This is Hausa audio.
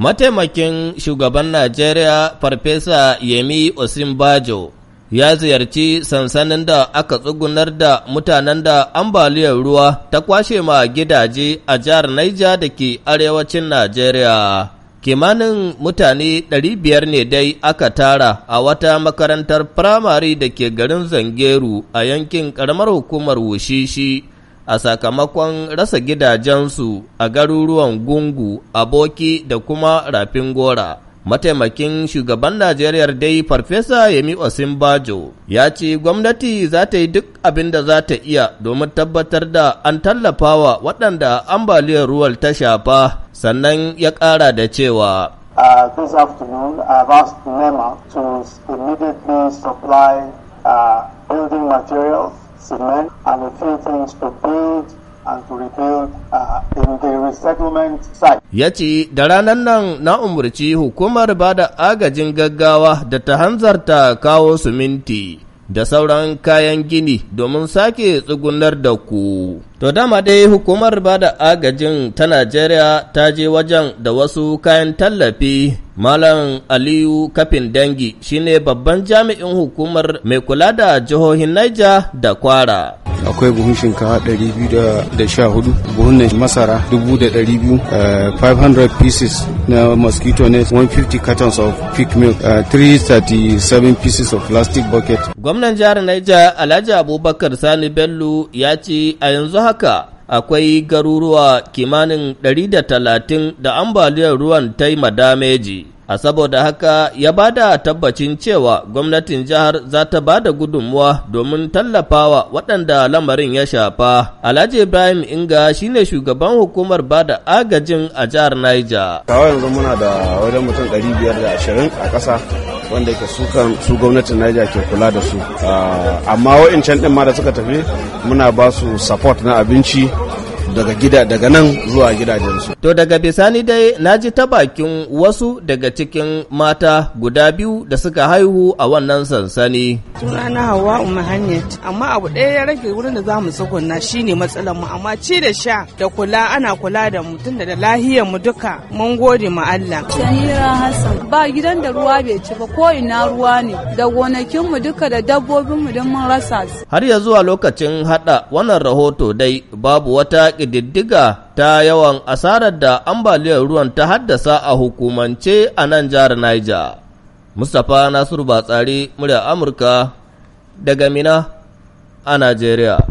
Mataimakin shugaban Najeriya Farfesa Yemi Osinbajo ya ziyarci sansanin da aka tsugunar da mutanen da ambaliyar ruwa ta kwashe ma gidaje a jihar Naija da ke arewacin Najeriya. Kimanin mutane 500 ne dai aka tara a wata makarantar firamare da ke garin Zangeru a yankin ƙaramar hukumar Wushishi a sakamakon rasa gidajensu a garuruwan Gungu, Aboki da kuma Rafin Gora. Mataimakin shugaban Najeriya dai Farfesa Yemi Osinbajo ya ce gwamnati za ta yi duk abin da za ta iya domin tabbatar da an tallafawa waɗanda ambaliyar ruwan ta shafa sannan ya ƙara da cewa. Uh, this afternoon, I've asked NEMA to immediately supply uh, building materials cement, and a few things to build uh, Ya ce, Da ranar nan na umarci hukumar ba da agajin gaggawa da ta hanzarta kawo suminti da sauran kayan gini domin sake tsugunar da ku. To dama dai hukumar ba da agajin ta Najeriya ta je wajen da wasu kayan tallafi Malam Aliyu Kafin Dangi shine babban jami'in hukumar mai kula da jihohin Niger da Kwara. akwai buhun shinkafa 214 buhun masara 2,200 500 eh, pieces na mosquito net 150 cartons of pig milk 337 eh, pieces of plastic bucket gwamnan jihar na'ija Alhaji Abubakar Sani Bello ya ce a yanzu haka akwai garuruwa kimanin 130 da ambaliyar ruwan ta yi madameji. a saboda haka ya ba da tabbacin cewa gwamnatin jihar za ta ba da gudunmuwa domin tallafawa waɗanda lamarin ya shafa. Alhaji Ibrahim Inga shine shugaban hukumar ba da agajin a jihar Niger. Kawo yanzu muna da wajen mutum 520 a ƙasa wanda su gwamnatin Niger ke kula da su. Ah, amma wa'incan ɗin ma da suka tafi muna ba su support na abinci daga gida daga nan zuwa gidajensu. To daga bisani dai na ji ta bakin wasu daga cikin mata guda biyu da suka haihu a wannan sansani. Sunana Hauwa Umar Hanyat, amma abu ɗaya ya rage wurin da za mu tsugunna shine matsalar mu amma ci da sha da kula ana kula da mutum da da lahiyar mu duka mun gode ma Allah. Shahira Hassan ba gidan da ruwa bai ci ba ko ina ruwa ne da gonakin mu duka da dabbobin mu don mun rasa su. Har ya zuwa lokacin haɗa wannan rahoto dai babu wata ƙididdiga ta yawan asarar da ambaliyar ruwan ta haddasa a hukumance a nan jihar Niger. Mustapha Nasiru Batsari, murya Amurka, daga Mina a Najeriya.